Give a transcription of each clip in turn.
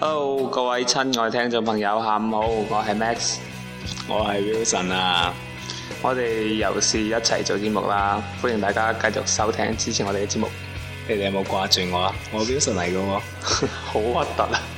hello，各位親愛聽眾朋友，下午好，我係 Max，我係 Wilson 啊，我哋又是一齊做節目啦，歡迎大家繼續收聽支持我哋嘅節目，你哋有冇掛住我啊？我 Wilson 嚟㗎喎，好核突啊！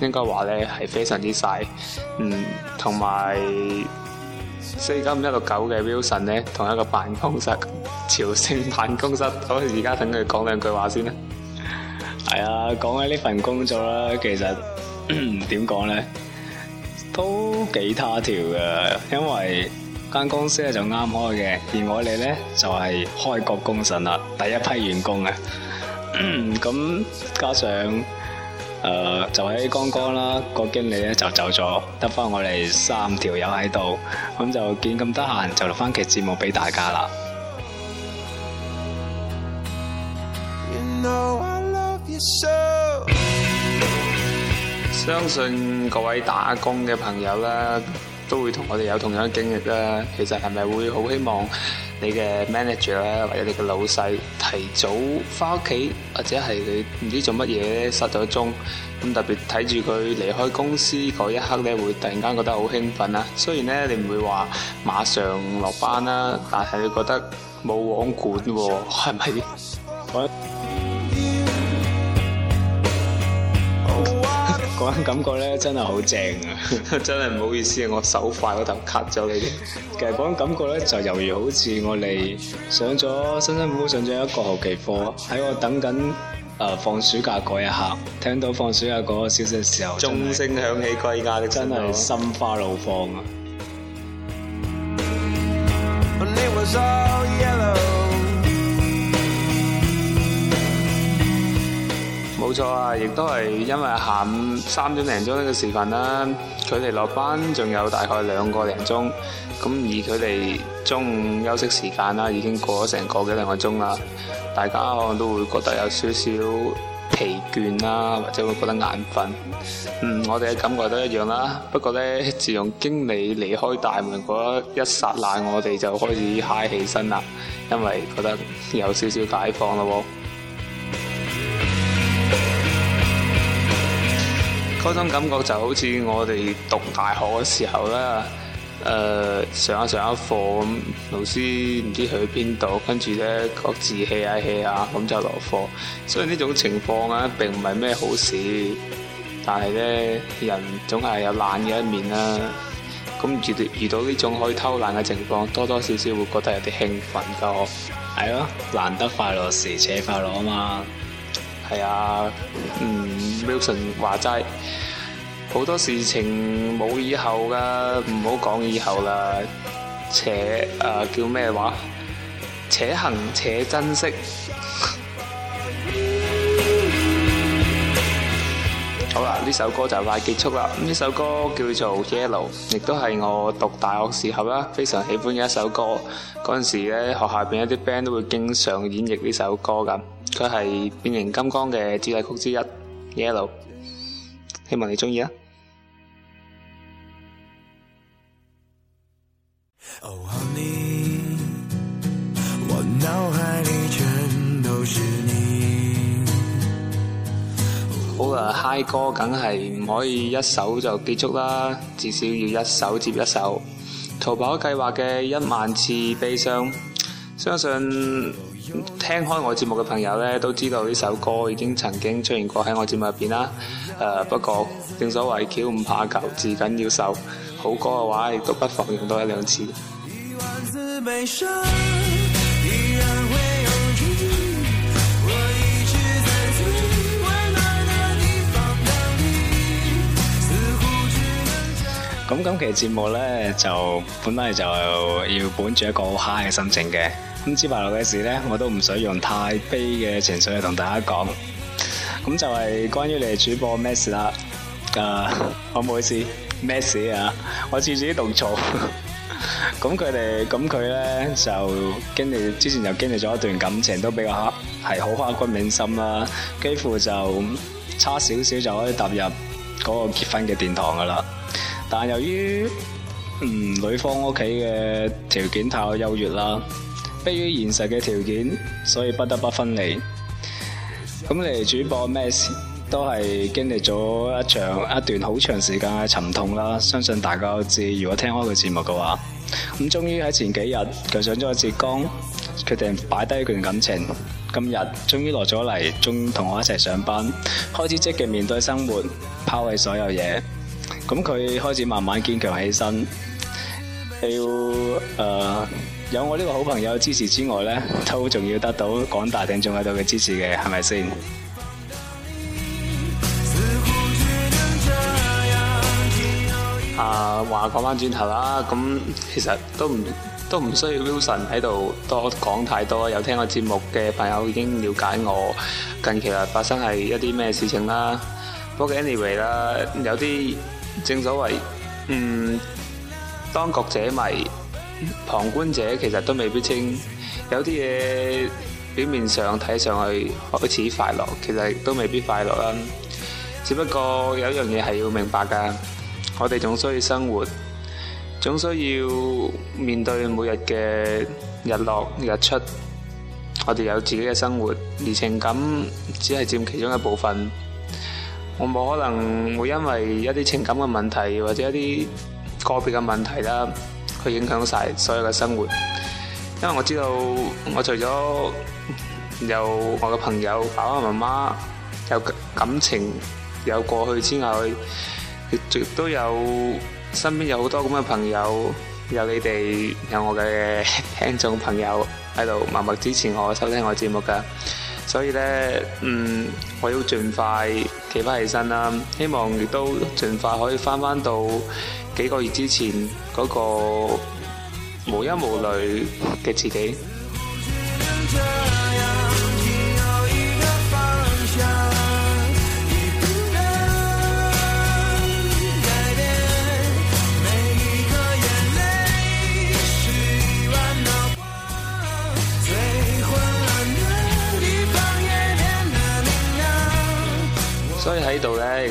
應該話咧係非常之細，嗯，同埋四九一六九嘅 Wilson 咧同一個辦公室，朝鮮辦公室，我而家等佢講兩句話先啦。係啊，講緊呢份工作啦，其實點講咧都幾他條嘅，因為間公司咧就啱開嘅，而我哋咧就係開國功臣啦，第一批員工啊，咁加上。誒、uh, 就喺剛剛啦，郭經理咧就走咗，得翻我哋三條友喺度，咁就見咁得閒，就錄翻期節目俾大家啦。You know 相信各位打工嘅朋友啦，都會同我哋有同樣嘅經歷啦。其實係咪會好希望，你嘅 manager 咧，或者你嘅老細提早翻屋企，或者係你唔知做乜嘢失咗蹤，咁特別睇住佢離開公司嗰一刻咧，會突然間覺得好興奮啊！雖然咧你唔會話馬上落班啦，但係你覺得冇王管喎，係咪？嗰種感覺咧，真係好正啊！ 真係唔好意思，啊，我手快嗰頭 cut 咗你啲。 其實嗰種感覺咧，就猶如好似我哋上咗辛辛苦苦上咗一個學期課，喺我等緊誒、呃、放暑假嗰一刻，聽到放暑假嗰個消息嘅時候，鐘聲響起歸家， 真係的心花怒放啊！ 錯啊！亦都係因為下午三點零鐘呢個時分啦，佢哋落班仲有大概兩個零鐘，咁而佢哋中午休息時間啦，已經過咗成個幾兩個鐘啦，大家可能都會覺得有少少疲倦啦，或者會覺得眼瞓。嗯，我哋嘅感覺都一樣啦。不過呢，自從經理離開大門嗰一剎那，我哋就開始嗨起身啦，因為覺得有少少解放咯。嗰種、嗯、感覺就好似我哋讀大學嘅時候啦，誒、呃、上一上一課咁，老師唔知去邊度，跟住咧各自 hea 下 hea 下咁就落課。雖然呢種情況啊並唔係咩好事，但係咧人總係有懶嘅一面啦。咁、啊、遇、啊、遇到呢種可以偷懶嘅情況，多多少少會覺得有啲興奮噶，係、啊、咯、 哎，難得快樂時且快樂啊嘛～係啊，嗯，Wilson 話齋，好多事情冇以後噶，唔好講以後啦。且誒、呃、叫咩話？且行且珍惜。 好啦，呢首歌就快結束啦。呢首歌叫做《Yellow》，亦都係我讀大學時候啦，非常喜歡嘅一首歌。嗰陣時咧，學校邊一啲 band 都會經常演繹呢首歌咁。佢係變形金剛嘅主題曲之一《Yellow》，希望你鍾意啊！好啊，嗨歌梗係唔可以一首就結束啦，至少要一首接一首。逃跑計劃嘅《一萬次悲傷》，相信。聽開我節目嘅朋友咧，都知道呢首歌已經曾經出現過喺我節目入邊啦。誒、uh，不過正所謂橋唔怕舊，至緊要受。好歌嘅話，亦都不妨用多一兩次。咁今期節目咧，就本嚟就要本住一個好 high 嘅心情嘅。咁之外嘅事咧，我都唔想用太悲嘅情緒去同大家講。咁就係關於你哋主播 Mess 啦，誒，我唔好意思，Mess 啊，我自己讀錯。咁佢哋，咁佢咧就經歷，之前就經歷咗一段感情，都比較係好刻骨銘心啦，幾乎就差少少就可以踏入嗰個結婚嘅殿堂噶啦。但由於嗯女方屋企嘅條件太過優越啦，迫於現實嘅條件，所以不得不分離。咁嚟，主播 Max 都係經歷咗一場一段好長時間嘅沉痛啦，相信大家都知。如果聽開個節目嘅話，咁終於喺前幾日佢上咗浙江，決定擺低一段感情。今日終於落咗嚟，仲同我一齊上班，開始積極面對生活，拋棄所有嘢。咁佢、嗯、開始慢慢堅強起身，要、呃、有我呢個好朋友支持之外咧，都仲要得到廣大聽眾喺度嘅支持嘅，係咪先？啊，話講翻轉頭啦，咁其實都唔都唔需要 Wilson 喺度多講太多，多，多，多，有聽我節目嘅朋友已經了解我近期嚟發生係一啲咩事情啦。不過，anyway 啦，有啲正所謂，嗯，當局者迷，旁觀者其實都未必清。有啲嘢表面上睇上去開始快樂，其實都未必快樂啦。只不過有一樣嘢係要明白㗎，我哋總需要生活，總需要面對每日嘅日落日出。我哋有自己嘅生活，而情感只係佔其中一部分。我冇可能會因為一啲情感嘅問題或者一啲個別嘅問題啦，去影響晒所有嘅生活。因為我知道，我除咗有我嘅朋友、爸爸媽媽有感情有過去之外，亦都有身邊有好多咁嘅朋友，有你哋有我嘅聽眾朋友喺度默默支持我收聽我節目㗎，所以咧，嗯，我要盡快。企翻起身啦！希望亦都盡快可以翻翻到幾個月之前嗰個無憂無慮嘅自己。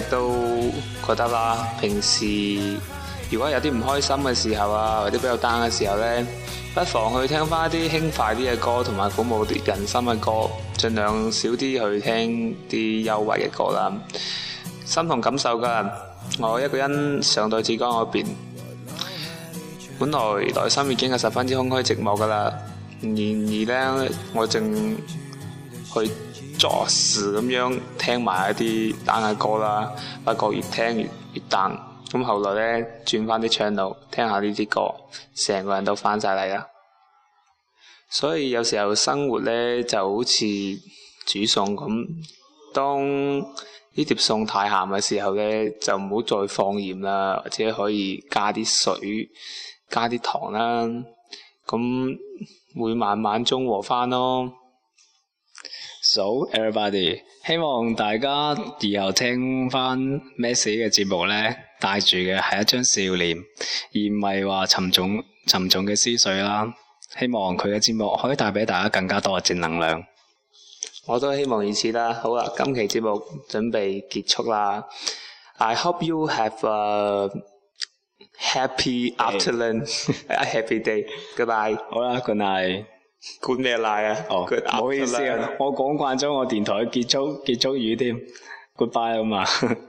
都覺得啦，平時如果有啲唔開心嘅時候啊，或者比較 down 嘅時候呢，不妨去聽翻啲輕快啲嘅歌，同埋鼓舞人心嘅歌，盡量少啲去聽啲憂鬱嘅歌啦。心同感受嘅，我一個人上到浙江嗰邊，本來內心已經係十分之空虛、寂寞噶啦，然而呢，我正去。做事咁樣聽埋一啲單嘅歌啦，不過越聽越越單。咁後來呢，轉翻啲頻道聽下呢啲歌，成個人都翻晒嚟啦。所以有時候生活呢就好似煮餸咁，當呢碟餸太鹹嘅時候呢，就唔好再放鹽啦，或者可以加啲水、加啲糖啦。咁會慢慢中和翻咯。早，everybody！希望大家以後聽翻 Messi 嘅節目咧，帶住嘅係一張笑臉，而唔係話沉重、沉重嘅思緒啦。希望佢嘅節目可以帶俾大家更加多嘅正能量。我都希望如此啦。好啦，今期節目準備結束啦。I hope you have a happy afternoon，a happy day。Goodbye。好啦，Good night。good 咩瀨啊？哦，唔好意思啊，我講慣咗我電台嘅結束結束語添，goodbye 啊嘛。